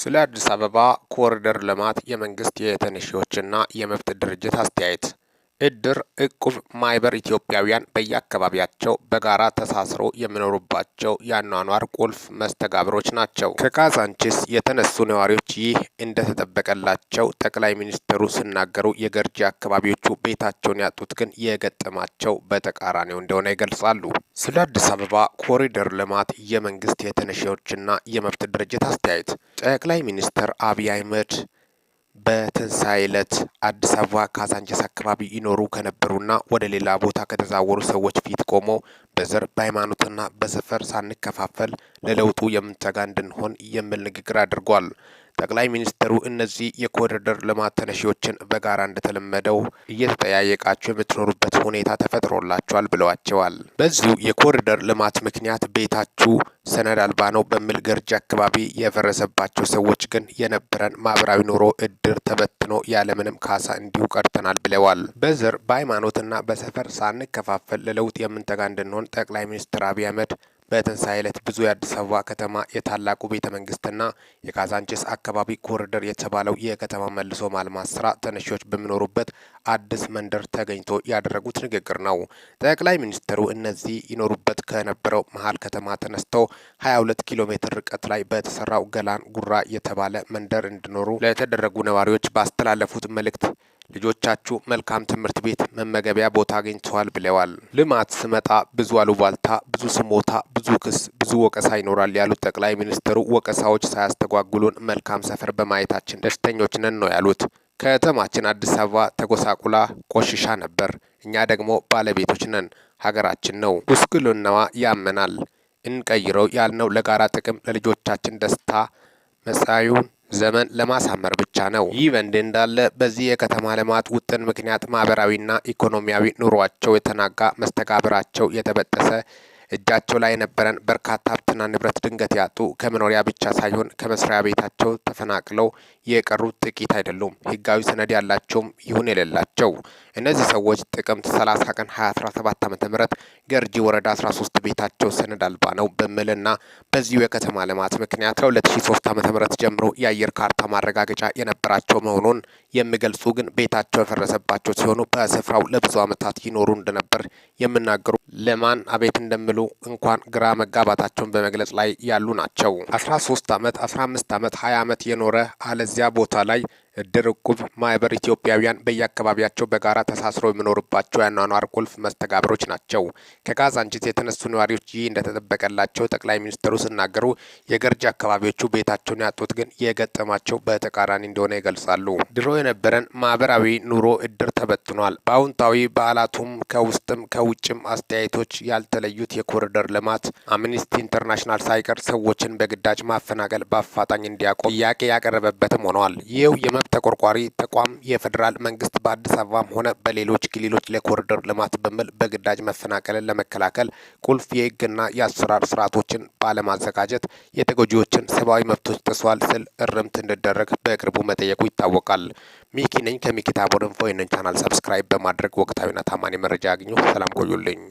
ስለ አዲስ አበባ ኮሪደር ልማት የመንግስት የተነሺዎችና የመብት ድርጅት አስተያየት እድር፣ እቁብ፣ ማህበር ኢትዮጵያውያን በየአካባቢያቸው በጋራ ተሳስሮ የሚኖሩባቸው የአኗኗር ቁልፍ መስተጋብሮች ናቸው። ከካዛንቺስ የተነሱ ነዋሪዎች ይህ እንደተጠበቀላቸው ጠቅላይ ሚኒስትሩ ሲናገሩ፣ የገርጂ አካባቢዎቹ ቤታቸውን ያጡት ግን የገጠማቸው በተቃራኒው እንደሆነ ይገልጻሉ። ስለ አዲስ አበባ ኮሪደር ልማት የመንግስት የተነሺዎችና የመብት ድርጅት አስተያየት ጠቅላይ ሚኒስትር አብይ አህመድ በትንሣኤ ዕለት አዲስ አበባ ካዛንቺስ አካባቢ ይኖሩ ከነበሩና ወደ ሌላ ቦታ ከተዛወሩ ሰዎች ፊት ቆሞ በዘር በሃይማኖትና በሰፈር ሳንከፋፈል ለለውጡ የምንተጋ እንድንሆን የሚል ንግግር አድርጓል። ጠቅላይ ሚኒስትሩ እነዚህ የኮሪደር ልማት ተነሺዎችን በጋራ እንደተለመደው እየተጠያየቃቸው የምትኖሩበት ሁኔታ ተፈጥሮላቸዋል ብለዋቸዋል። በዚሁ የኮሪደር ልማት ምክንያት ቤታችሁ ሰነድ አልባ ነው በሚል ገርጂ አካባቢ የፈረሰባቸው ሰዎች ግን የነበረን ማህበራዊ ኑሮ እድር ተበትኖ ያለምንም ካሳ እንዲሁ ቀርተናል ብለዋል። በዘር በሃይማኖትና በሰፈር ሳንከፋፈል ለለውጥ የምንተጋ እንድንሆን ጠቅላይ ሚኒስትር አብይ አህመድ በትንሣኤ ዕለት ብዙ የአዲስ አበባ ከተማ የታላቁ ቤተ መንግስትና የካዛንቺስ አካባቢ ኮሪደር የተባለው የከተማ መልሶ ማልማት ስራ ተነሺዎች በሚኖሩበት አዲስ መንደር ተገኝቶ ያደረጉት ንግግር ነው። ጠቅላይ ሚኒስትሩ እነዚህ ይኖሩበት ከነበረው መሀል ከተማ ተነስተው 22 ኪሎ ሜትር ርቀት ላይ በተሰራው ገላን ጉራ የተባለ መንደር እንዲኖሩ ለተደረጉ ነዋሪዎች ባስተላለፉት መልእክት ልጆቻችሁ መልካም ትምህርት ቤት፣ መመገቢያ ቦታ አግኝተዋል ብለዋል። ልማት ስመጣ ብዙ አሉባልታ፣ ብዙ ስሞታ ብዙ ክስ ብዙ ወቀሳ ይኖራል ያሉት ጠቅላይ ሚኒስትሩ ወቀሳዎች ሳያስተጓጉሉን መልካም ሰፈር በማየታችን ደስተኞች ነን ነው ያሉት። ከተማችን አዲስ አበባ ተጎሳቁላ ቆሽሻ ነበር። እኛ ደግሞ ባለቤቶች ነን። ሀገራችን ነው። ጉስቁልናዋ ያመናል። እንቀይረው ያልነው ለጋራ ጥቅም፣ ለልጆቻችን ደስታ፣ መጻዩን ዘመን ለማሳመር ብቻ ነው። ይህ በእንዲህ እንዳለ በዚህ የከተማ ልማት ውጥን ምክንያት ማህበራዊና ኢኮኖሚያዊ ኑሯቸው የተናጋ መስተጋብራቸው የተበጠሰ እጃቸው ላይ የነበረን በርካታ ሀብትና ንብረት ድንገት ያጡ ከመኖሪያ ብቻ ሳይሆን ከመስሪያ ቤታቸው ተፈናቅለው የቀሩት ጥቂት አይደሉም። ህጋዊ ሰነድ ያላቸውም ይሁን የሌላቸው እነዚህ ሰዎች ጥቅምት 30 ቀን 2017 ም ገርጂ ወረዳ 13 ቤታቸው ሰነድ አልባ ነው በሚልና በዚሁ የከተማ ልማት ምክንያት ከ2003 ም ጀምሮ የአየር ካርታ ማረጋገጫ የነበራቸው መሆኑን የሚገልጹ ግን ቤታቸው የፈረሰባቸው ሲሆኑ በስፍራው ለብዙ ዓመታት ይኖሩ እንደነበር የሚናገሩ ለማን አቤት እንደሚሉ እንኳን ግራ መጋባታቸውን በመግለጽ ላይ ያሉ ናቸው። 13 ዓመት፣ 15 ዓመት፣ 20 ዓመት የኖረ አለዚያ ቦታ ላይ እድር፣ እቁብ፣ ማህበር ኢትዮጵያውያን በየአካባቢያቸው በጋራ ተሳስረው የሚኖሩባቸው የአኗኗር ቁልፍ መስተጋብሮች ናቸው። ከጋዛንቺስ የተነሱ ነዋሪዎች ይህ እንደተጠበቀላቸው ጠቅላይ ሚኒስትሩ ሲናገሩ፣ የገርጂ አካባቢዎቹ ቤታቸውን ያጡት ግን የገጠማቸው በተቃራኒ እንደሆነ ይገልጻሉ። ድሮ የነበረን ማህበራዊ ኑሮ እድር ተበትኗል። በአውንታዊ በዓላቱም ከውስጥም ከውጭም አስተያየቶች ያልተለዩት የኮሪደር ልማት አምኒስቲ ኢንተርናሽናል ሳይቀር ሰዎችን በግዳጅ ማፈናቀል በአፋጣኝ እንዲያቆም ጥያቄ ያቀረበበትም ሆነዋል። የመ ተቆርቋሪ ተቋም የፌዴራል መንግስት በአዲስ አበባም ሆነ በሌሎች ክልሎች ለኮሪደር ልማት በሚል በግዳጅ መፈናቀልን ለመከላከል ቁልፍ የህግና የአሰራር ስርዓቶችን ባለማዘጋጀት የተጎጂዎችን ሰብአዊ መብቶች ጥሷል ስል እርምት እንዲደረግ በቅርቡ መጠየቁ ይታወቃል። ሚኪ ነኝ ከሚኪ ቻናል ሰብስክራይብ በማድረግ ወቅታዊና ታማኒ መረጃ ያግኙ። ሰላም ቆዩልኝ።